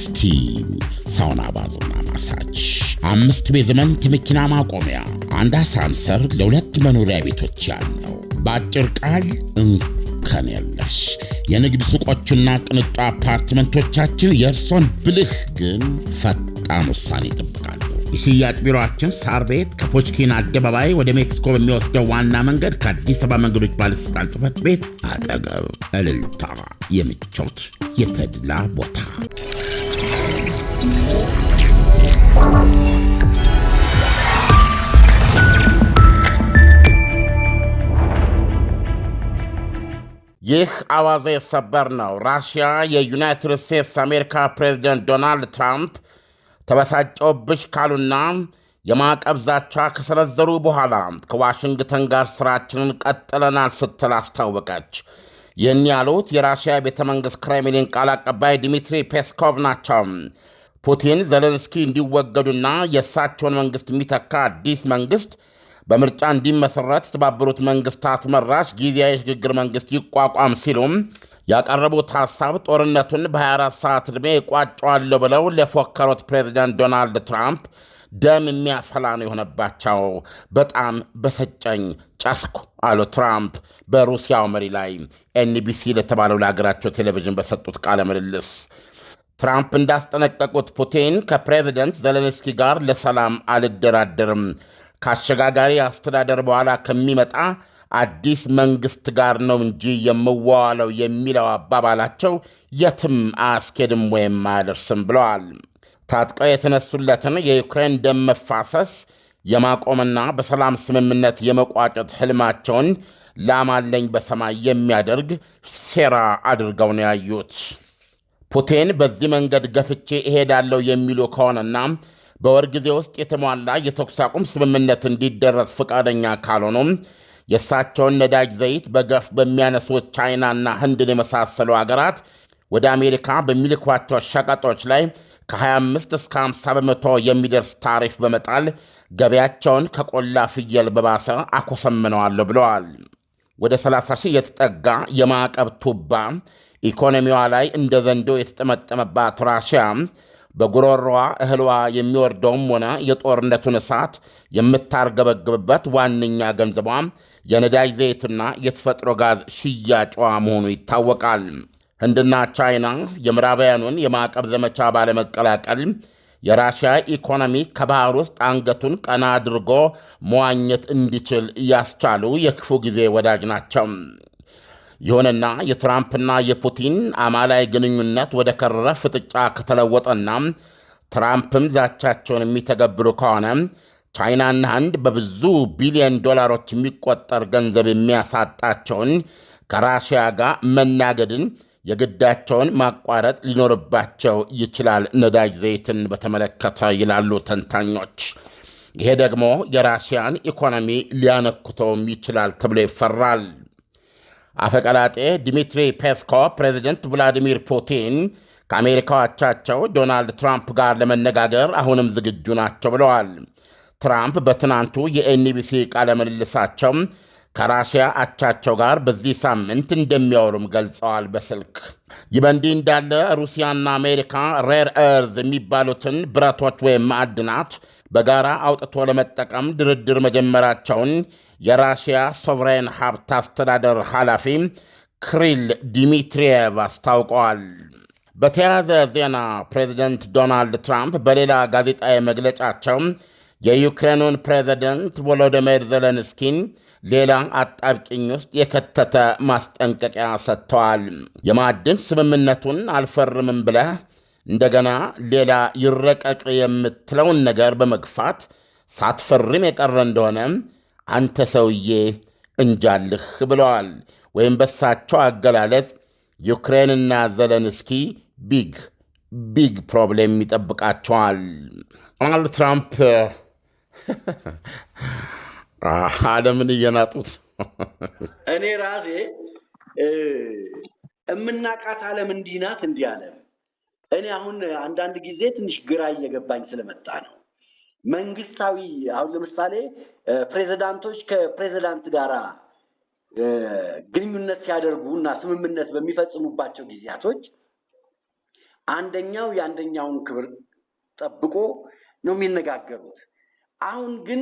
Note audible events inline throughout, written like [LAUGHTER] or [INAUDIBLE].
ስቲም፣ ሳውና፣ ባዞና ማሳጅ፣ አምስት ቤዝመንት መኪና ማቆሚያ፣ አንድ አሳንሰር ለሁለት መኖሪያ ቤቶች ያለው በአጭር ቃል እንከን የለሽ የንግድ ሱቆቹና ቅንጦ አፓርትመንቶቻችን የእርሶን ብልህ ግን ፈጣን ውሳኔ ይጠብቃል። የሽያጭ ቢሮችን ሳር ቤት ከፖችኪን አደባባይ ወደ ሜክሲኮ በሚወስደው ዋና መንገድ ከአዲስ አበባ መንገዶች ባለስልጣን ጽህፈት ቤት አጠገብ። እልልታ፣ የምቾት የተድላ ቦታ። ይህ አዋዜ ሰበር ነው። ራሽያ የዩናይትድ ስቴትስ አሜሪካ ፕሬዚደንት ዶናልድ ትራምፕ ተበሳጨውብሽ ካሉና የማዕቀብ ዛቻ ከሰነዘሩ በኋላ ከዋሽንግተን ጋር ስራችንን ቀጥለናል ስትል አስታወቀች። ይህን ያሉት የራሽያ ቤተ መንግሥት ክሬምሊን ቃል አቀባይ ዲሚትሪ ፔስኮቭ ናቸው። ፑቲን ዘለንስኪ እንዲወገዱና የእሳቸውን መንግሥት የሚተካ አዲስ መንግሥት በምርጫ እንዲመሠረት የተባበሩት መንግሥታት መራሽ ጊዜያዊ ሽግግር መንግሥት ይቋቋም ሲሉም ያቀረቡት ሐሳብ ጦርነቱን በ24 ሰዓት ዕድሜ ይቋጫዋለሁ ብለው ለፎከሩት ፕሬዚደንት ዶናልድ ትራምፕ ደም የሚያፈላ ነው የሆነባቸው። በጣም በሰጨኝ ጨስኩ አሉ ትራምፕ በሩሲያው መሪ ላይ ኤንቢሲ ለተባለው ለሀገራቸው ቴሌቪዥን በሰጡት ቃለ ምልልስ። ትራምፕ እንዳስጠነቀቁት ፑቲን ከፕሬዚደንት ዘለንስኪ ጋር ለሰላም አልደራደርም፣ ከአሸጋጋሪ አስተዳደር በኋላ ከሚመጣ አዲስ መንግሥት ጋር ነው እንጂ የምዋዋለው የሚለው አባባላቸው የትም አያስኬድም ወይም አያደርስም ብለዋል። ታጥቀው የተነሱለትን የዩክሬን ደም መፋሰስ የማቆምና በሰላም ስምምነት የመቋጨት ሕልማቸውን ላማለኝ በሰማይ የሚያደርግ ሴራ አድርገው ነው ያዩት። ፑቲን በዚህ መንገድ ገፍቼ እሄዳለሁ የሚሉ ከሆነና በወር ጊዜ ውስጥ የተሟላ የተኩስ አቁም ስምምነት እንዲደረስ ፈቃደኛ ካልሆኑም የእሳቸውን ነዳጅ ዘይት በገፍ በሚያነሱት ቻይናና ህንድን የመሳሰሉ አገራት ወደ አሜሪካ በሚልኳቸው ሸቀጦች ላይ ከ25 እስከ 50 በመቶ የሚደርስ ታሪፍ በመጣል ገበያቸውን ከቆላ ፍየል በባሰ አኮሰምነዋለሁ ብለዋል። ወደ 30 ሺህ የተጠጋ የማዕቀብ ቱባ ኢኮኖሚዋ ላይ እንደ ዘንዶ የተጠመጠመባት ራሽያ በጉሮሮዋ እህልዋ የሚወርደውም ሆነ የጦርነቱን እሳት የምታርገበግብበት ዋነኛ ገንዘቧ የነዳጅ ዘይትና የተፈጥሮ ጋዝ ሽያጯ መሆኑ ይታወቃል። ህንድና ቻይና የምዕራባውያኑን የማዕቀብ ዘመቻ ባለመቀላቀል የራሽያ ኢኮኖሚ ከባህር ውስጥ አንገቱን ቀና አድርጎ መዋኘት እንዲችል እያስቻሉ የክፉ ጊዜ ወዳጅ ናቸው። ይሁንና የትራምፕና የፑቲን አማላይ ግንኙነት ወደ ከረረ ፍጥጫ ከተለወጠና ትራምፕም ዛቻቸውን የሚተገብሩ ከሆነ ቻይናና ህንድ በብዙ ቢሊዮን ዶላሮች የሚቆጠር ገንዘብ የሚያሳጣቸውን ከራሽያ ጋር መናገድን የግዳቸውን ማቋረጥ ሊኖርባቸው ይችላል፣ ነዳጅ ዘይትን በተመለከተ ይላሉ ተንታኞች። ይሄ ደግሞ የራሽያን ኢኮኖሚ ሊያነኩተውም ይችላል ተብሎ ይፈራል። አፈቀላጤ ዲሚትሪ ፔስኮቭ ፕሬዚደንት ቭላዲሚር ፑቲን ከአሜሪካዎቻቸው ዶናልድ ትራምፕ ጋር ለመነጋገር አሁንም ዝግጁ ናቸው ብለዋል። ትራምፕ በትናንቱ የኤንቢሲ ቃለ ምልልሳቸው ከራሽያ አቻቸው ጋር በዚህ ሳምንት እንደሚያወሩም ገልጸዋል በስልክ። ይህ በእንዲህ እንዳለ ሩሲያና አሜሪካ ሬር ኤርዝ የሚባሉትን ብረቶች ወይም ማዕድናት በጋራ አውጥቶ ለመጠቀም ድርድር መጀመራቸውን የራሽያ ሶቨሬን ሀብት አስተዳደር ኃላፊ ክሪል ዲሚትሪየቭ አስታውቀዋል። በተያያዘ ዜና ፕሬዚደንት ዶናልድ ትራምፕ በሌላ ጋዜጣዊ መግለጫቸው የዩክሬኑን ፕሬዚደንት ቮሎዲሚር ዘለንስኪን ሌላ አጣብቂኝ ውስጥ የከተተ ማስጠንቀቂያ ሰጥተዋል። የማዕድን ስምምነቱን አልፈርምም ብለህ እንደገና ሌላ ይረቀቅ የምትለውን ነገር በመግፋት ሳትፈርም የቀረ እንደሆነ አንተ ሰውዬ እንጃልህ ብለዋል። ወይም በሳቸው አገላለጽ ዩክሬንና ዘለንስኪ ቢግ ቢግ ፕሮብሌም ይጠብቃቸዋል። ዶናልድ ትራምፕ ዓለምን [LAUGHS] እየናጡት እኔ ራሴ እምናቃት አለም እንዲህ ናት እንዲህ አለ። እኔ አሁን አንዳንድ ጊዜ ትንሽ ግራ እየገባኝ ስለመጣ ነው። መንግስታዊ አሁን ለምሳሌ ፕሬዚዳንቶች ከፕሬዚዳንት ጋር ግንኙነት ሲያደርጉ እና ስምምነት በሚፈጽሙባቸው ጊዜያቶች አንደኛው የአንደኛውን ክብር ጠብቆ ነው የሚነጋገሩት። አሁን ግን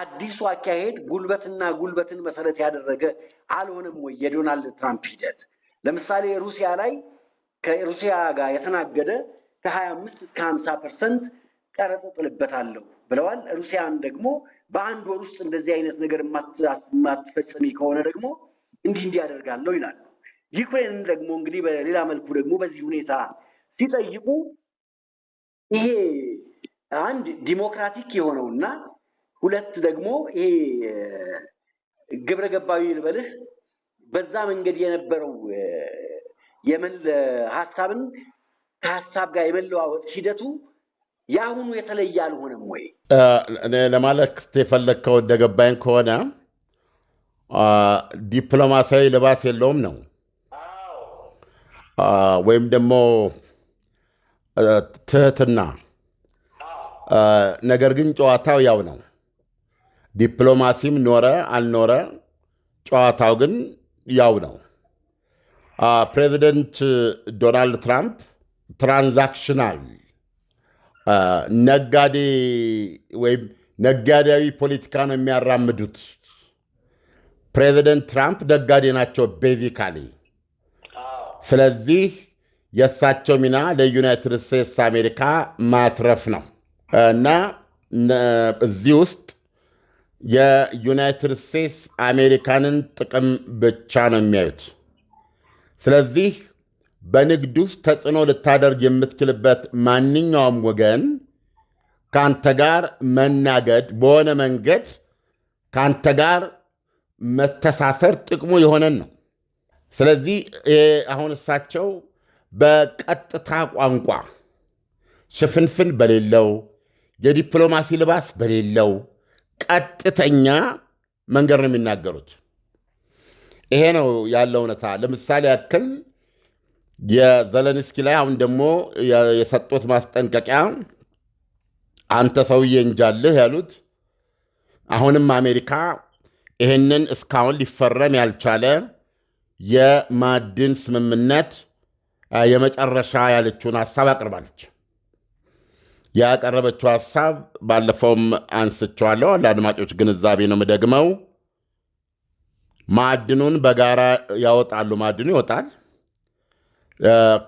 አዲሱ አካሄድ ጉልበትና ጉልበትን መሰረት ያደረገ አልሆነም ወይ? የዶናልድ ትራምፕ ሂደት ለምሳሌ ሩሲያ ላይ ከሩሲያ ጋር የተናገደ ከሀያ አምስት እስከ ሀምሳ ፐርሰንት ቀረጥ እጥልበታለሁ ብለዋል። ሩሲያን ደግሞ በአንድ ወር ውስጥ እንደዚህ አይነት ነገር የማትፈጽሚ ከሆነ ደግሞ እንዲህ እንዲህ ያደርጋለሁ ይላሉ። ዩክሬንን ደግሞ እንግዲህ በሌላ መልኩ ደግሞ በዚህ ሁኔታ ሲጠይቁ ይሄ አንድ ዲሞክራቲክ የሆነውና ሁለት ደግሞ ይሄ ግብረ ገባዊ ልበልህ በዛ መንገድ የነበረው ሀሳብን ከሀሳብ ጋር የመለዋወጥ ሂደቱ የአሁኑ የተለየ አልሆነም ወይ? ለማለት የፈለግከው እንደገባኝ ከሆነ ዲፕሎማሲያዊ ልባስ የለውም ነው ወይም ደግሞ ትህትና ነገር ግን ጨዋታው ያው ነው። ዲፕሎማሲም ኖረ አልኖረ ጨዋታው ግን ያው ነው። ፕሬዚደንት ዶናልድ ትራምፕ ትራንዛክሽናል ነጋዴ ወይም ነጋዴያዊ ፖለቲካ ነው የሚያራምዱት። ፕሬዚደንት ትራምፕ ነጋዴ ናቸው ቤዚካሊ። ስለዚህ የእሳቸው ሚና ለዩናይትድ ስቴትስ አሜሪካ ማትረፍ ነው። እና እዚህ ውስጥ የዩናይትድ ስቴትስ አሜሪካንን ጥቅም ብቻ ነው የሚያዩት። ስለዚህ በንግድ ውስጥ ተጽዕኖ ልታደርግ የምትችልበት ማንኛውም ወገን ከአንተ ጋር መናገድ በሆነ መንገድ ከአንተ ጋር መተሳሰር ጥቅሙ የሆነን ነው። ስለዚህ አሁን እሳቸው በቀጥታ ቋንቋ ሽፍንፍን በሌለው የዲፕሎማሲ ልባስ በሌለው ቀጥተኛ መንገድ ነው የሚናገሩት። ይሄ ነው ያለው እውነታ። ለምሳሌ ያክል የዘለንስኪ ላይ አሁን ደግሞ የሰጡት ማስጠንቀቂያ አንተ ሰውዬ እንጃልህ ያሉት አሁንም አሜሪካ ይህንን እስካሁን ሊፈረም ያልቻለ የማዕድን ስምምነት የመጨረሻ ያለችውን ሀሳብ አቅርባለች። ያቀረበችው ሀሳብ ባለፈውም አንስቸዋለሁ ለአድማጮች ግንዛቤ ነው የምደግመው። ማዕድኑን በጋራ ያወጣሉ። ማዕድኑ ይወጣል።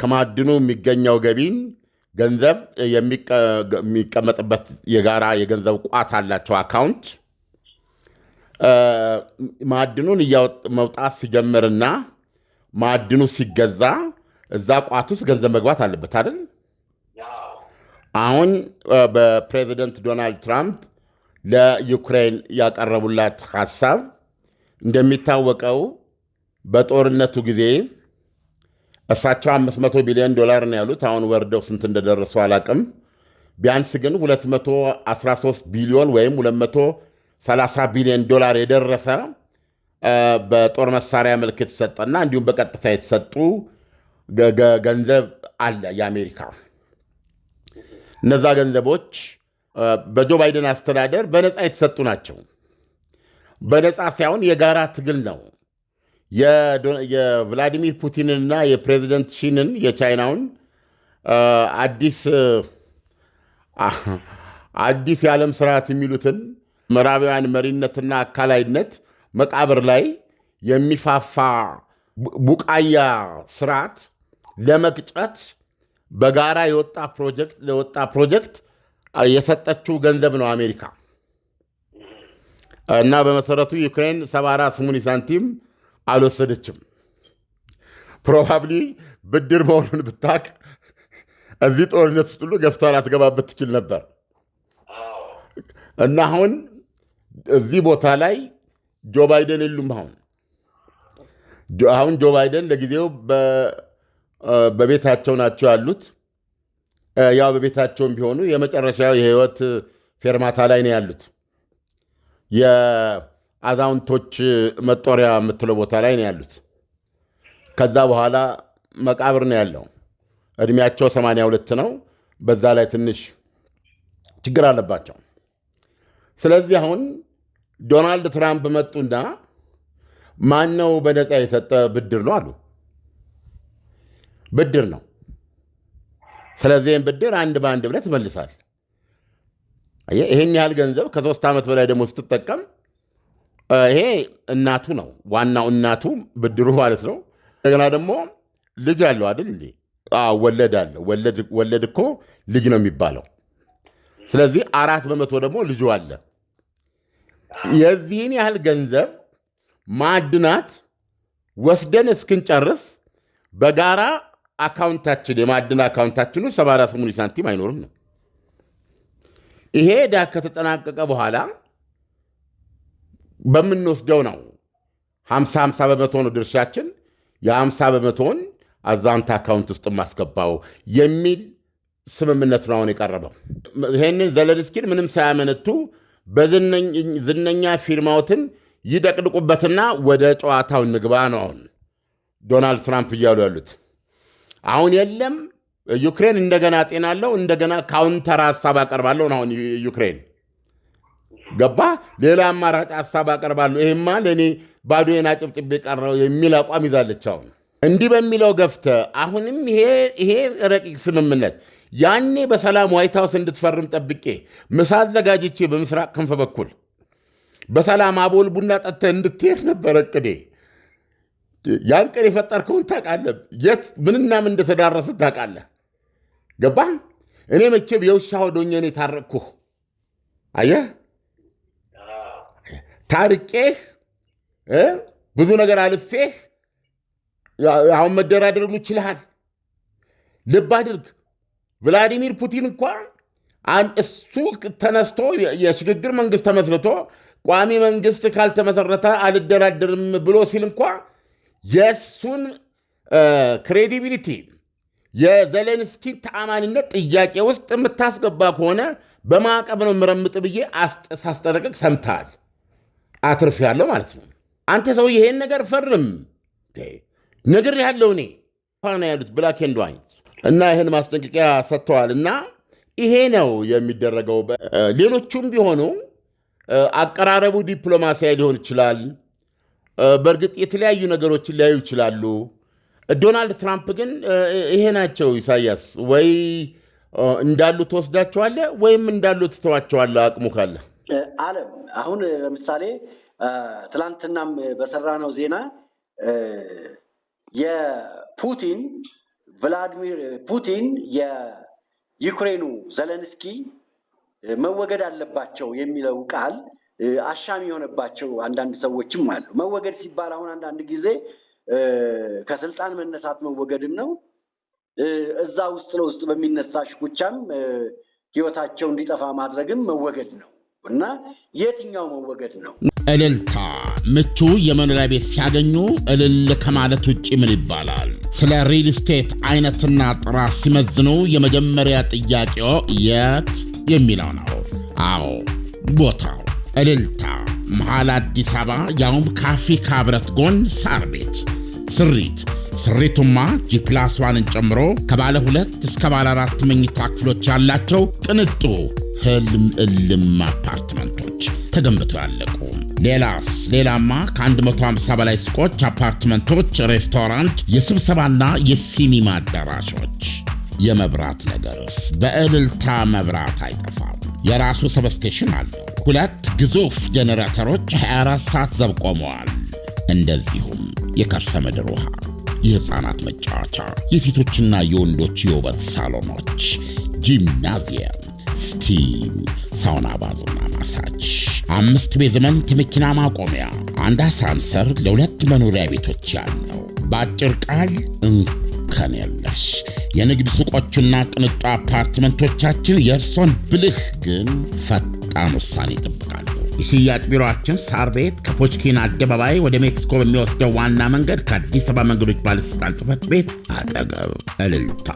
ከማዕድኑ የሚገኘው ገቢን ገንዘብ የሚቀመጥበት የጋራ የገንዘብ ቋት አላቸው አካውንት። ማዕድኑን መውጣት ሲጀምርና ማዕድኑ ሲገዛ እዛ ቋት ውስጥ ገንዘብ መግባት አለበት አይደል? አሁን በፕሬዚደንት ዶናልድ ትራምፕ ለዩክሬን ያቀረቡላት ሐሳብ እንደሚታወቀው በጦርነቱ ጊዜ እሳቸው 500 ቢሊዮን ዶላር ነው ያሉት። አሁን ወርደው ስንት እንደደረሱ አላቅም። ቢያንስ ግን 213 ቢሊዮን ወይም 230 ቢሊዮን ዶላር የደረሰ በጦር መሳሪያ መልክ የተሰጠና እንዲሁም በቀጥታ የተሰጡ ገንዘብ አለ የአሜሪካ እነዛ ገንዘቦች በጆ ባይደን አስተዳደር በነፃ የተሰጡ ናቸው። በነፃ ሳይሆን የጋራ ትግል ነው። የቭላዲሚር ፑቲንንና የፕሬዚደንት ሺንን የቻይናውን አዲስ አዲስ የዓለም ስርዓት የሚሉትን ምዕራባውያን መሪነትና አካላይነት መቃብር ላይ የሚፋፋ ቡቃያ ስርዓት ለመቅጨት በጋራ የወጣ ፕሮጀክት ለወጣ ፕሮጀክት የሰጠችው ገንዘብ ነው አሜሪካ እና በመሰረቱ ዩክሬን 74 አራት ሳንቲም አልወሰደችም። ፕሮባብሊ ብድር መሆኑን ብታቅ እዚህ ጦርነት ውስጥ ሁሉ ገፍታ ላትገባበት ትችል ነበር እና አሁን እዚህ ቦታ ላይ ጆ ባይደን የሉም። አሁን አሁን ጆ ባይደን ለጊዜው በቤታቸው ናቸው ያሉት። ያው በቤታቸውም ቢሆኑ የመጨረሻ የህይወት ፌርማታ ላይ ነው ያሉት። የአዛውንቶች መጦሪያ የምትለው ቦታ ላይ ነው ያሉት። ከዛ በኋላ መቃብር ነው ያለው። እድሜያቸው 82 ነው። በዛ ላይ ትንሽ ችግር አለባቸው። ስለዚህ አሁን ዶናልድ ትራምፕ መጡና ማን ነው በነፃ የሰጠ ብድር ነው አሉ ብድር ነው። ስለዚህም ብድር አንድ በአንድ ብለህ ትመልሳል። ይህን ያህል ገንዘብ ከሶስት ዓመት በላይ ደግሞ ስትጠቀም ይሄ እናቱ ነው ዋናው እናቱ ብድሩ ማለት ነው። እንደገና ደግሞ ልጅ አለው አይደል እንዴ? ወለድ አለው። ወለድ እኮ ልጅ ነው የሚባለው። ስለዚህ አራት በመቶ ደግሞ ልጁ አለ። የዚህን ያህል ገንዘብ ማዕድናት ወስደን እስክንጨርስ በጋራ አካውንታችን የማዕድን አካውንታችን ውስጥ 78 ሳንቲም አይኖርም ነው። ይሄ ዕዳ ከተጠናቀቀ በኋላ በምንወስደው ነው። 50 50 በመቶ ነው ድርሻችን። የ50 በመቶውን አዛውንት አካውንት ውስጥ ማስገባው የሚል ስምምነት ነው አሁን የቀረበው። ይህንን ዘለንስኪን ምንም ሳያመነቱ በዝነኛ ፊርማዎትን ይደቅድቁበትና ወደ ጨዋታው ንግባ ነው አሁን ዶናልድ ትራምፕ እያሉ ያሉት። አሁን የለም ዩክሬን እንደገና ጤናለው እንደገና ካውንተር ሀሳብ አቀርባለሁ። አሁን ዩክሬን ገባ ሌላ አማራጭ ሀሳብ አቀርባለሁ። ይህማ ለእኔ ና ጭብጭብ ቀረው የሚል አቋም ይዛለች። አሁን እንዲህ በሚለው ገፍተ አሁንም ይሄ ረቂቅ ስምምነት ያኔ በሰላም ዋይት ሀውስ እንድትፈርም ጠብቄ ምሳ አዘጋጅቼ በምስራቅ ክንፍ በኩል በሰላም አቦል ቡና ጠጥተህ እንድትሄድ ነበረ እቅዴ። ያን ቀን የፈጠርከውን ታውቃለህ። የት ምንና ምን እንደተዳረሰ ታውቃለህ። ገባ እኔ መቼም የውሻ ሆዶኜ ነው የታረቅኩህ። አየህ፣ ታርቄህ ብዙ ነገር አልፌህ አሁን መደራደር ይችልሃል። ልብ አድርግ፣ ቭላዲሚር ፑቲን እንኳ እሱ ተነስቶ የሽግግር መንግስት ተመስርቶ ቋሚ መንግስት ካልተመሰረተ አልደራደርም ብሎ ሲል እንኳ የእሱን ክሬዲቢሊቲ የዘሌንስኪ ተአማኒነት ጥያቄ ውስጥ የምታስገባ ከሆነ በማዕቀብ ነው የምረምጥ ብዬ ሳስጠነቅቅ ሰምተሃል። አትርፍ ያለው ማለት ነው። አንተ ሰው ይሄን ነገር ፈርም ነገር ያለው እኔ ፋና ያሉት ብላክ ኤንድ ዋይት እና ይህን ማስጠንቀቂያ ሰጥተዋል። እና ይሄ ነው የሚደረገው። ሌሎቹም ቢሆኑ አቀራረቡ ዲፕሎማሲያዊ ሊሆን ይችላል። በእርግጥ የተለያዩ ነገሮችን ሊያዩ ይችላሉ። ዶናልድ ትራምፕ ግን ይሄ ናቸው። ኢሳያስ ወይ እንዳሉ ትወስዳቸዋለ ወይም እንዳሉ ትተዋቸዋለ። አቅሙ ካለ አለም። አሁን ለምሳሌ ትላንትናም በሰራነው ዜና የፑቲን ቭላዲሚር ፑቲን የዩክሬኑ ዘለንስኪ መወገድ አለባቸው የሚለው ቃል አሻሚ የሆነባቸው አንዳንድ ሰዎችም አሉ። መወገድ ሲባል አሁን አንዳንድ ጊዜ ከስልጣን መነሳት መወገድም ነው። እዛ ውስጥ ለውስጥ በሚነሳ ሽኩቻም ህይወታቸው እንዲጠፋ ማድረግም መወገድ ነው እና የትኛው መወገድ ነው? እልልታ ምቹ የመኖሪያ ቤት ሲያገኙ እልል ከማለት ውጭ ምን ይባላል? ስለ ሪል ስቴት አይነትና ጥራት ሲመዝኑ የመጀመሪያ ጥያቄው የት የሚለው ነው። አዎ ቦታው እልልታ መሃል አዲስ አበባ ያውም ከአፍሪካ ህብረት ጎን ሳር ቤት ስሪት ስሪቱማ ጂፕላስዋንን ጨምሮ ከባለ ሁለት እስከ ባለ አራት መኝታ ክፍሎች ያላቸው ቅንጡ ህልም እልም አፓርትመንቶች ተገንብተው ያለቁ። ሌላስ ሌላማ ከ150 በላይ ሱቆች፣ አፓርትመንቶች፣ ሬስቶራንት፣ የስብሰባና የሲኒማ አዳራሾች። የመብራት ነገርስ በእልልታ መብራት አይጠፋም። የራሱ ሰብስቴሽን አለው። ሁለት ግዙፍ ጄኔሬተሮች 24 ሰዓት ዘብ ቆመዋል። እንደዚሁም የከርሰ ምድር ውሃ፣ የሕፃናት መጫወቻ፣ የሴቶችና የወንዶች የውበት ሳሎኖች፣ ጂምናዚየም፣ ስቲም፣ ሳውና፣ ባዞና ማሳጅ፣ አምስት ቤዝመንት መኪና ማቆሚያ፣ አንድ አሳንሰር ለሁለት መኖሪያ ቤቶች ያለው በአጭር ቃል እንከን የለሽ የንግድ ሱቆቹና ቅንጡ አፓርትመንቶቻችን የእርሶን ብልህ ግን ፈት ፈጣን ውሳኔ ይጠብቃሉ። የሽያጭ ቢሮችን ሳር ቤት ከፖችኪን አደባባይ ወደ ሜክሲኮ በሚወስደው ዋና መንገድ ከአዲስ አበባ መንገዶች ባለሥልጣን ጽፈት ቤት አጠገብ። እልልታ፣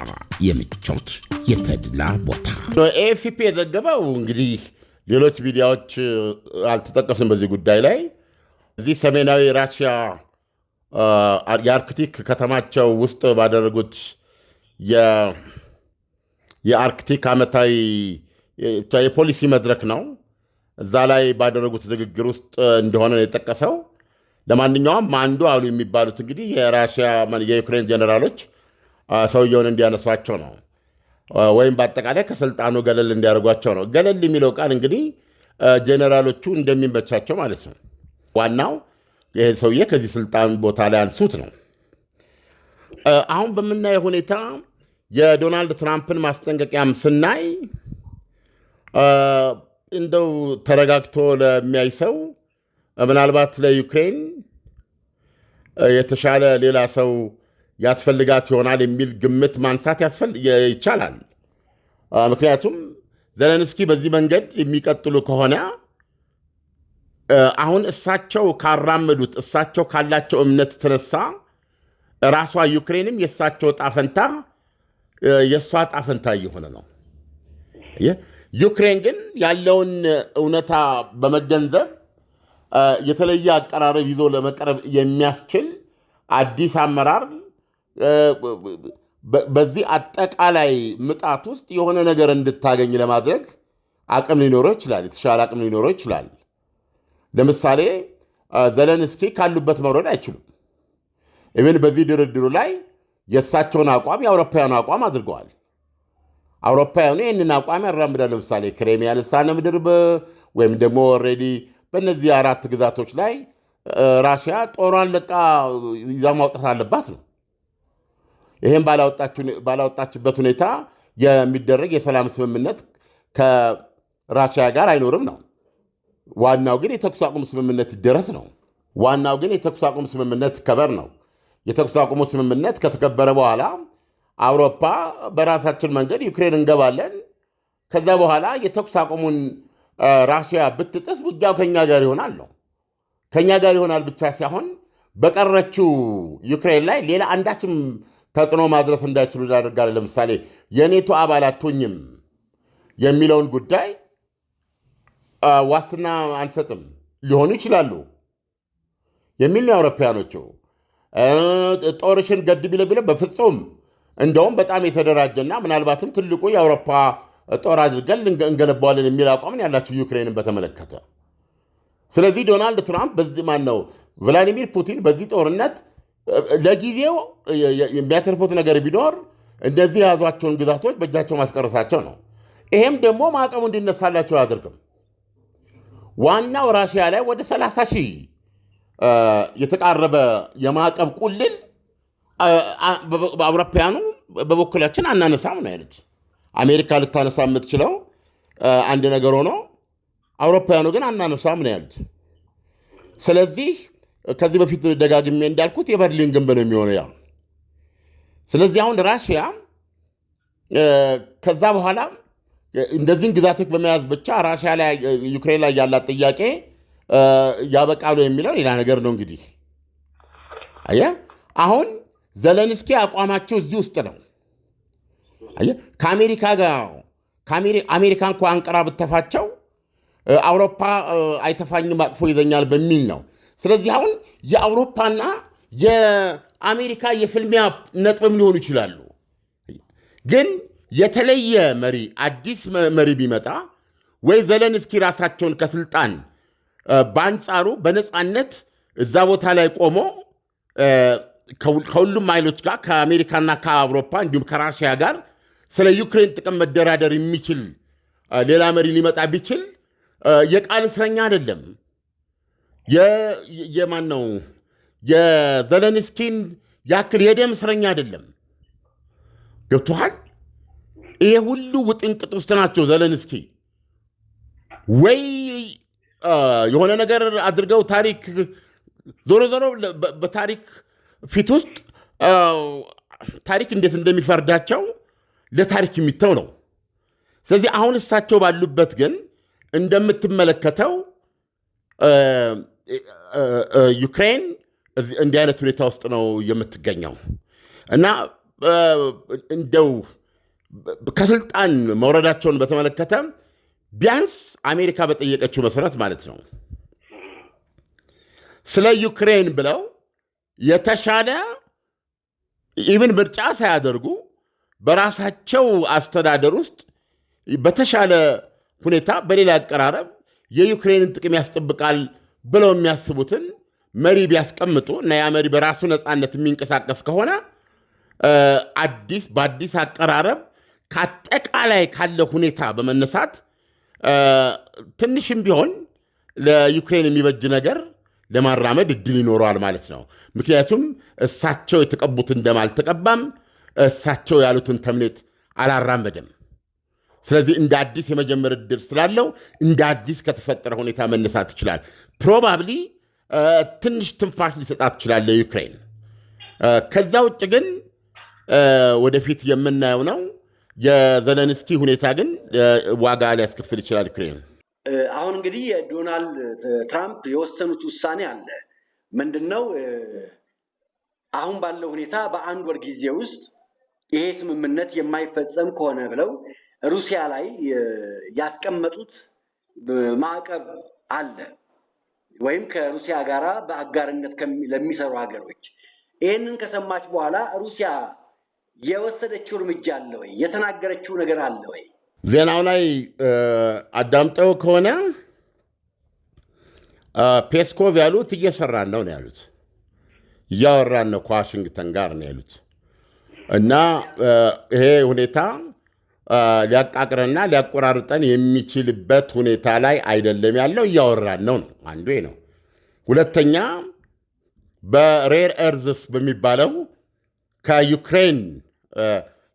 የምቾት የተድላ ቦታ። ኤኤፍፒ የዘገበው እንግዲህ ሌሎች ሚዲያዎች አልተጠቀሱም በዚህ ጉዳይ ላይ እዚህ ሰሜናዊ ራሽያ የአርክቲክ ከተማቸው ውስጥ ባደረጉት የአርክቲክ ዓመታዊ የፖሊሲ መድረክ ነው። እዛ ላይ ባደረጉት ንግግር ውስጥ እንደሆነ ነው የጠቀሰው። ለማንኛውም አንዱ አሉ የሚባሉት እንግዲህ የራሽያ የዩክሬን ጀኔራሎች ሰውየውን እንዲያነሷቸው ነው ወይም በአጠቃላይ ከስልጣኑ ገለል እንዲያደርጓቸው ነው። ገለል የሚለው ቃል እንግዲህ ጀኔራሎቹ እንደሚመቻቸው ማለት ነው። ዋናው ይህ ሰውዬ ከዚህ ስልጣን ቦታ ላይ አንሱት ነው። አሁን በምናየው ሁኔታ የዶናልድ ትራምፕን ማስጠንቀቂያም ስናይ እንደው ተረጋግቶ ለሚያይ ሰው ምናልባት ለዩክሬን የተሻለ ሌላ ሰው ያስፈልጋት ይሆናል የሚል ግምት ማንሳት ይቻላል። ምክንያቱም ዘለንስኪ በዚህ መንገድ የሚቀጥሉ ከሆነ አሁን እሳቸው ካራመዱት እሳቸው ካላቸው እምነት ተነሳ ራሷ ዩክሬንም የእሳቸው ጣፈንታ የእሷ ጣፈንታ እየሆነ ነው። ዩክሬን ግን ያለውን እውነታ በመገንዘብ የተለየ አቀራረብ ይዞ ለመቅረብ የሚያስችል አዲስ አመራር በዚህ አጠቃላይ ምጣት ውስጥ የሆነ ነገር እንድታገኝ ለማድረግ አቅም ሊኖረው ይችላል። የተሻለ አቅም ሊኖረው ይችላል። ለምሳሌ ዘለንስኪ ካሉበት መውረድ አይችሉም። ኢቨን በዚህ ድርድሩ ላይ የእሳቸውን አቋም የአውሮፓውያኑ አቋም አድርገዋል። አውሮፓውያኑ ይህንን አቋም ያራምዳል። ለምሳሌ ክሬሚያ ልሳነ ምድር ወይም ደግሞ ኦልሬዲ በእነዚህ አራት ግዛቶች ላይ ራሽያ ጦሯን ለቃ ይዛ ማውጣት አለባት ነው። ይህም ባላወጣችበት ሁኔታ የሚደረግ የሰላም ስምምነት ከራሽያ ጋር አይኖርም ነው። ዋናው ግን የተኩስ አቁም ስምምነት ይደረስ ነው። ዋናው ግን የተኩስ አቁም ስምምነት ይከበር ነው። የተኩስ አቁሙ ስምምነት ከተከበረ በኋላ አውሮፓ በራሳችን መንገድ ዩክሬን እንገባለን፣ ከዛ በኋላ የተኩስ አቁሙን ራሽያ ብትጥስ ውጊያው ከኛ ጋር ይሆናል ከኛ ጋር ይሆናል ብቻ ሳይሆን በቀረችው ዩክሬን ላይ ሌላ አንዳችም ተጽዕኖ ማድረስ እንዳይችሉ ያደርጋል። ለምሳሌ የኔቶ አባል አትሆኝም የሚለውን ጉዳይ ዋስትና አንሰጥም ሊሆኑ ይችላሉ የሚል ነው አውሮፓውያኖቹ። ጦርሽን ቢለ ቢለ በፍጹም እንደውም በጣም የተደራጀና ምናልባትም ትልቁ የአውሮፓ ጦር አድርገን እንገለባዋለን የሚል አቋምን ያላቸው ዩክሬንን በተመለከተ። ስለዚህ ዶናልድ ትራምፕ በዚህ ማን ነው ቭላዲሚር ፑቲን በዚህ ጦርነት ለጊዜው የሚያተርፉት ነገር ቢኖር እንደዚህ የያዟቸውን ግዛቶች በእጃቸው ማስቀረታቸው ነው። ይሄም ደግሞ ማዕቀቡ እንዲነሳላቸው አያደርግም። ዋናው ራሽያ ላይ ወደ 30 ሺህ የተቃረበ የማዕቀብ ቁልል በአውሮፓውያኑ በበኩላችን አናነሳም ነው ያለች። አሜሪካ ልታነሳ የምትችለው አንድ ነገር ሆኖ አውሮፓውያኑ ግን አናነሳም ነው ያሉት። ስለዚህ ከዚህ በፊት ደጋግሜ እንዳልኩት የበርሊን ግንብ ነው የሚሆነው ያው። ስለዚህ አሁን ራሽያ ከዛ በኋላ እንደዚህን ግዛቶች በመያዝ ብቻ ራሽያ ላይ ዩክሬን ላይ ያላት ጥያቄ ያበቃሉ የሚለው ሌላ ነገር ነው እንግዲህ አየህ አሁን ዘለንስኪ አቋማቸው እዚህ ውስጥ ነው። ከአሜሪካ ጋር አሜሪካ እንኳ አንቀራ ብተፋቸው አውሮፓ አይተፋኝም አቅፎ ይዘኛል በሚል ነው። ስለዚህ አሁን የአውሮፓና የአሜሪካ የፍልሚያ ነጥብም ሊሆኑ ይችላሉ። ግን የተለየ መሪ አዲስ መሪ ቢመጣ ወይ ዘለንስኪ ራሳቸውን ከስልጣን በአንጻሩ በነፃነት እዛ ቦታ ላይ ቆሞ ከሁሉም ኃይሎች ጋር ከአሜሪካና ከአውሮፓ እንዲሁም ከራሽያ ጋር ስለ ዩክሬን ጥቅም መደራደር የሚችል ሌላ መሪ ሊመጣ ቢችል የቃል እስረኛ አይደለም። የማን ነው የዘለንስኪን ያክል የደም እስረኛ አይደለም። ገብቶሃል? ይሄ ሁሉ ውጥንቅጥ ውስጥ ናቸው። ዘለንስኪ ወይ የሆነ ነገር አድርገው ታሪክ ዞሮ ዞሮ በታሪክ ፊት ውስጥ ታሪክ እንዴት እንደሚፈርዳቸው ለታሪክ የሚተው ነው። ስለዚህ አሁን እሳቸው ባሉበት ግን እንደምትመለከተው ዩክሬን እንዲህ አይነት ሁኔታ ውስጥ ነው የምትገኘው እና እንደው ከስልጣን መውረዳቸውን በተመለከተ ቢያንስ አሜሪካ በጠየቀችው መሰረት ማለት ነው ስለ ዩክሬን ብለው የተሻለ ኢቭን ምርጫ ሳያደርጉ በራሳቸው አስተዳደር ውስጥ በተሻለ ሁኔታ በሌላ አቀራረብ የዩክሬንን ጥቅም ያስጠብቃል ብለው የሚያስቡትን መሪ ቢያስቀምጡ እና ያ መሪ በራሱ ነፃነት የሚንቀሳቀስ ከሆነ አዲስ በአዲስ አቀራረብ ከአጠቃላይ ካለ ሁኔታ በመነሳት ትንሽም ቢሆን ለዩክሬን የሚበጅ ነገር ለማራመድ እድል ይኖረዋል ማለት ነው። ምክንያቱም እሳቸው የተቀቡትን ደም አልተቀባም፣ እሳቸው ያሉትን ተምኔት አላራመደም። ስለዚህ እንደ አዲስ የመጀመር እድል ስላለው እንደ አዲስ ከተፈጠረ ሁኔታ መነሳት ይችላል። ፕሮባብሊ ትንሽ ትንፋሽ ሊሰጣት ይችላል ለዩክሬን። ከዛ ውጭ ግን ወደፊት የምናየው ነው። የዘለንስኪ ሁኔታ ግን ዋጋ ሊያስከፍል ይችላል ዩክሬን እንግዲህ የዶናልድ ትራምፕ የወሰኑት ውሳኔ አለ። ምንድን ነው? አሁን ባለው ሁኔታ በአንድ ወር ጊዜ ውስጥ ይሄ ስምምነት የማይፈጸም ከሆነ ብለው ሩሲያ ላይ ያስቀመጡት ማዕቀብ አለ ወይም ከሩሲያ ጋር በአጋርነት ለሚሰሩ ሀገሮች። ይህንን ከሰማች በኋላ ሩሲያ የወሰደችው እርምጃ አለ ወይ? የተናገረችው ነገር አለ ወይ? ዜናው ላይ አዳምጠው ከሆነ ፔስኮቭ ያሉት እየሰራን ነው ነው ያሉት። እያወራን ነው ከዋሽንግተን ጋር ነው ያሉት። እና ይሄ ሁኔታ ሊያቃቅረና ሊያቆራርጠን የሚችልበት ሁኔታ ላይ አይደለም ያለው፣ እያወራን ነው ነው አንዱ ነው። ሁለተኛ በሬር እርዝስ በሚባለው ከዩክሬን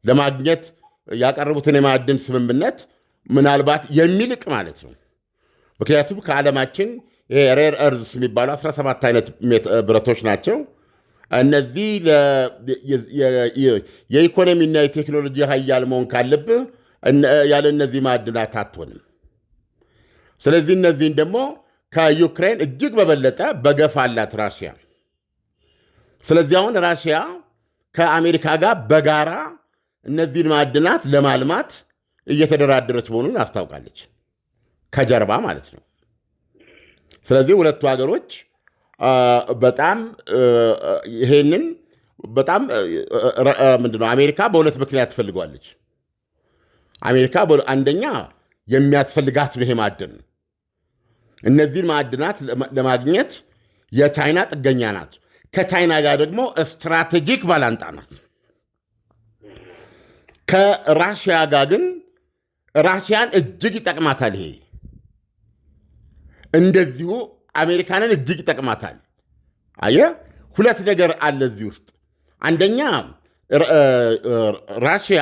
ለማግኘት ያቀረቡትን የማዕድን ስምምነት ምናልባት የሚልቅ ማለት ነው። ምክንያቱም ከዓለማችን ይሄ ሬር የሚባሉ 17 አይነት ብረቶች ናቸው። እነዚህ የኢኮኖሚና የቴክኖሎጂ ሀያል መሆን ካለብህ ያለ እነዚህ ማዕድናት አትሆንም። ስለዚህ እነዚህን ደግሞ ከዩክሬን እጅግ በበለጠ በገፋ አላት ራሽያ። ስለዚህ አሁን ራሽያ ከአሜሪካ ጋር በጋራ እነዚህን ማዕድናት ለማልማት እየተደራደረች መሆኑን አስታውቃለች። ከጀርባ ማለት ነው። ስለዚህ ሁለቱ ሀገሮች በጣም ይሄንን በጣም ምንድን ነው አሜሪካ በሁለት ምክንያት ትፈልገዋለች። አሜሪካ አንደኛ የሚያስፈልጋት ነው ይሄ ማዕድን። እነዚህን ማዕድናት ለማግኘት የቻይና ጥገኛ ናት። ከቻይና ጋር ደግሞ ስትራቴጂክ ባላንጣ ናት። ከራሽያ ጋር ግን ራሽያን እጅግ ይጠቅማታል ይሄ እንደዚሁ አሜሪካንን እጅግ ይጠቅማታል። አየህ ሁለት ነገር አለ እዚህ ውስጥ። አንደኛ ራሽያ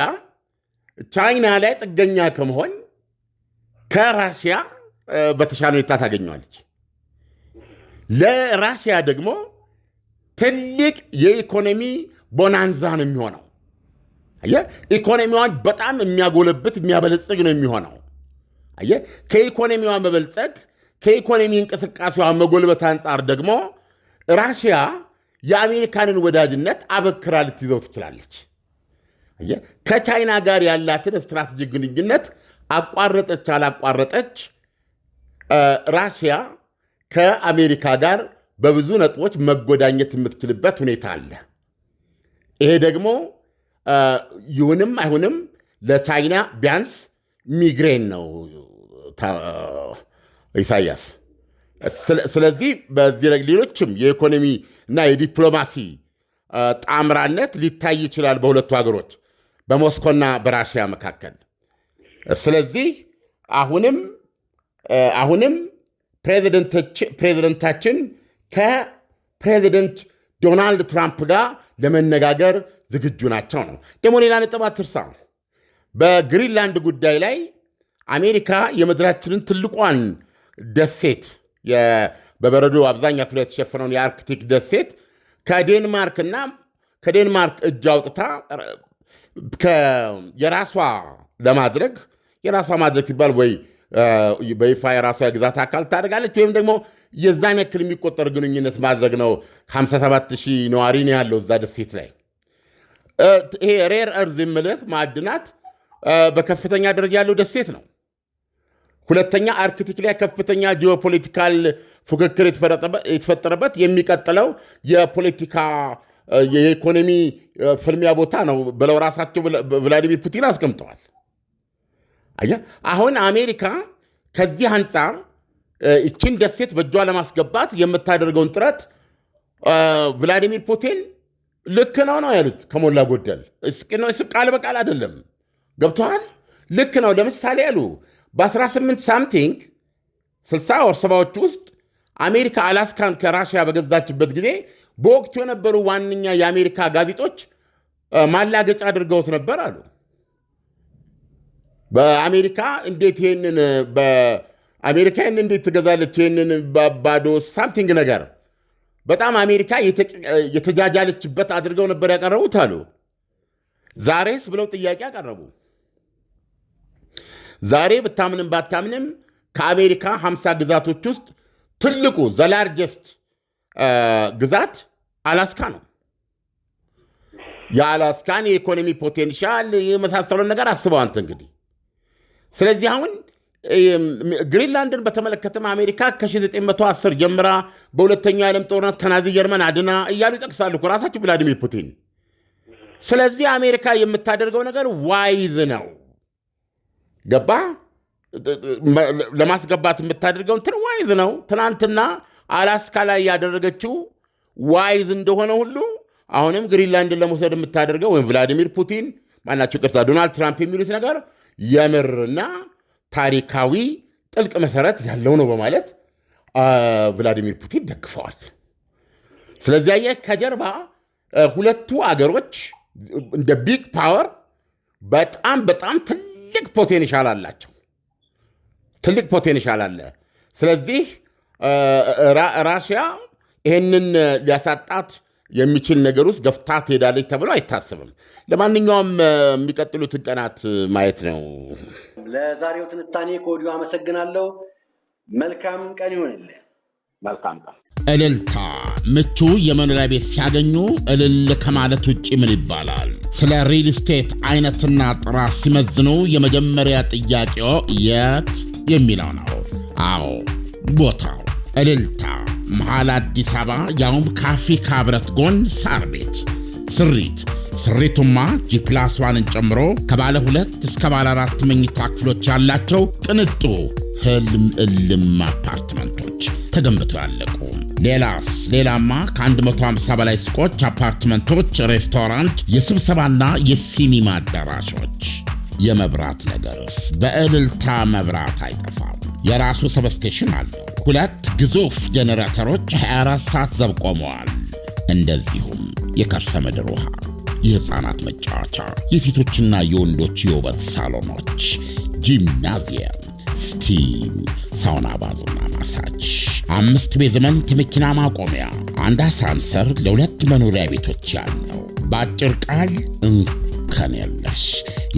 ቻይና ላይ ጥገኛ ከመሆን ከራሽያ በተሻለ ሁኔታ ታገኘዋለች። ለራሽያ ደግሞ ትልቅ የኢኮኖሚ ቦናንዛ ነው የሚሆነው። አየህ ኢኮኖሚዋን በጣም የሚያጎለብት የሚያበለጽግ ነው የሚሆነው። አየህ ከኢኮኖሚዋ መበልጸግ ከኢኮኖሚ እንቅስቃሴዋ መጎልበት አንጻር ደግሞ ራሽያ የአሜሪካንን ወዳጅነት አበክራ ልትይዘው ትችላለች። ከቻይና ጋር ያላትን ስትራቴጂ ግንኙነት አቋረጠች አላቋረጠች፣ ራሽያ ከአሜሪካ ጋር በብዙ ነጥቦች መጎዳኘት የምትችልበት ሁኔታ አለ። ይሄ ደግሞ ይሁንም አይሁንም ለቻይና ቢያንስ ሚግሬን ነው ኢሳያስ። ስለዚህ በዚህ ሌሎችም የኢኮኖሚ እና የዲፕሎማሲ ጣምራነት ሊታይ ይችላል በሁለቱ ሀገሮች በሞስኮና በራሽያ መካከል። ስለዚህ አሁንም አሁንም ፕሬዚደንታችን ከፕሬዚደንት ዶናልድ ትራምፕ ጋር ለመነጋገር ዝግጁ ናቸው ነው። ደግሞ ሌላ ነጥብ አትርሳ። በግሪንላንድ ጉዳይ ላይ አሜሪካ የምድራችንን ትልቋን ደሴት በበረዶ አብዛኛው ክፍል የተሸፈነውን የአርክቲክ ደሴት ከዴንማርክና ከዴንማርክ እጅ አውጥታ የራሷ ለማድረግ የራሷ ማድረግ ሲባል ወይ በይፋ የራሷ የግዛት አካል ታደርጋለች ወይም ደግሞ የዛን ያክል የሚቆጠር ግንኙነት ማድረግ ነው። 57 ሺህ ነዋሪ ነው ያለው እዛ ደሴት ላይ። ይሄ ሬር እርዝ የምልህ ማዕድናት በከፍተኛ ደረጃ ያለው ደሴት ነው። ሁለተኛ አርክቲክ ላይ ከፍተኛ ጂኦፖለቲካል ፉክክር የተፈጠረበት የሚቀጥለው የፖለቲካ የኢኮኖሚ ፍልሚያ ቦታ ነው ብለው ራሳቸው ቭላዲሚር ፑቲን አስቀምጠዋል። አየህ አሁን አሜሪካ ከዚህ አንጻር ይችን ደሴት በእጇ ለማስገባት የምታደርገውን ጥረት ቭላዲሚር ፑቲን ልክ ነው ነው ያሉት። ከሞላ ጎደል ቃል በቃል አይደለም ገብተዋል። ልክ ነው። ለምሳሌ ያሉ በ18 ሳምቲንግ 60 ወር ሰባዎች ውስጥ አሜሪካ አላስካን ከራሽያ በገዛችበት ጊዜ በወቅቱ የነበሩ ዋነኛ የአሜሪካ ጋዜጦች ማላገጫ አድርገውት ነበር አሉ። በአሜሪካ እንዴት ይህንን አሜሪካ ይህን እንዴት ትገዛለች? ይህንን ባዶ ሳምቲንግ ነገር በጣም አሜሪካ የተጃጃለችበት አድርገው ነበር ያቀረቡት አሉ። ዛሬስ ብለው ጥያቄ አቀረቡ። ዛሬ ብታምንም ባታምንም ከአሜሪካ 50 ግዛቶች ውስጥ ትልቁ ዘላርጀስት ግዛት አላስካ ነው። የአላስካን የኢኮኖሚ ፖቴንሻል የመሳሰሉን ነገር አስበው አንተ እንግዲህ። ስለዚህ አሁን ግሪንላንድን በተመለከተም አሜሪካ ከ1910 ጀምራ በሁለተኛው ዓለም ጦርነት ከናዚ ጀርመን አድና እያሉ ይጠቅሳሉ እኮ ራሳቸው ቭላዲሚር ፑቲን። ስለዚህ አሜሪካ የምታደርገው ነገር ዋይዝ ነው። ገባ ለማስገባት የምታደርገው ትን ዋይዝ ነው። ትናንትና አላስካ ላይ ያደረገችው ዋይዝ እንደሆነ ሁሉ አሁንም ግሪንላንድን ለመውሰድ የምታደርገው ወይም ቭላዲሚር ፑቲን ማናቸው ቅርታ ዶናልድ ትራምፕ የሚሉት ነገር የምርና ታሪካዊ ጥልቅ መሰረት ያለው ነው በማለት ቭላዲሚር ፑቲን ደግፈዋል። ስለዚህ አየህ ከጀርባ ሁለቱ አገሮች እንደ ቢግ ፓወር በጣም በጣም ትልቅ ትልቅ ፖቴንሻል አላቸው። ትልቅ ፖቴንሻል አለ። ስለዚህ ራሽያ ይህንን ሊያሳጣት የሚችል ነገር ውስጥ ገፍታ ትሄዳለች ተብሎ አይታስብም። ለማንኛውም የሚቀጥሉትን ቀናት ማየት ነው። ለዛሬው ትንታኔ ከወዲሁ አመሰግናለሁ። መልካም ቀን ይሆንልን። መልካም ቀን። እልልታ ምቹ የመኖሪያ ቤት ሲያገኙ እልል ከማለት ውጭ ምን ይባላል? ስለ ሪል ስቴት አይነትና ጥራት ሲመዝኑ የመጀመሪያ ጥያቄው የት የሚለው ነው። አዎ ቦታው እልልታ መሃል አዲስ አበባ፣ ያውም ከአፍሪካ ህብረት ጎን ሳር ቤት ስሪት ስሪቱማ ጂፕላስዋንን ጨምሮ ከባለ ሁለት እስከ ባለ አራት መኝታ ክፍሎች ያላቸው ቅንጡ ህልም እልም አፓርትመንቶች ተገንብተው ያለቁ። ሌላስ ሌላማ ከ150 በላይ ሱቆች፣ አፓርትመንቶች፣ ሬስቶራንት፣ የስብሰባና የሲኒማ አዳራሾች። የመብራት ነገርስ በእልልታ መብራት አይጠፋም። የራሱ ሰብስቴሽን አለው። ሁለት ግዙፍ ጄኔሬተሮች 24 ሰዓት ዘብ ቆመዋል። እንደዚሁም የከርሰ ምድር ውሃ፣ የህፃናት መጫወቻ፣ የሴቶችና የወንዶች የውበት ሳሎኖች፣ ጂምናዚየም፣ ስቲም፣ ሳውና፣ ባዝና ማሳጅ፣ አምስት ቤዝመንት መኪና ማቆሚያ፣ አንድ አሳንሰር ለሁለት መኖሪያ ቤቶች ያለው በአጭር ቃል እንከን የለሽ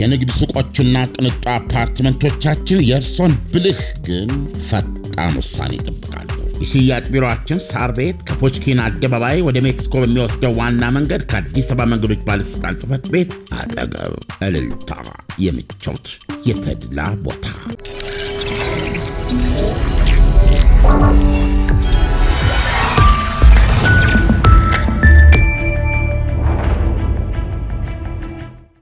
የንግድ ሱቆቹና ቅንጡ አፓርትመንቶቻችን የእርሶን ብልህ ግን ፈጣን ውሳኔ ይጠብቃል። የሽያጭ ቢሮችን ሳር ቤት ከፖችኪን አደባባይ ወደ ሜክሲኮ በሚወስደው ዋና መንገድ ከአዲስ አበባ መንገዶች ባለሥልጣን ጽፈት ቤት አጠገብ። እልልታ፣ የምቾት የተድላ ቦታ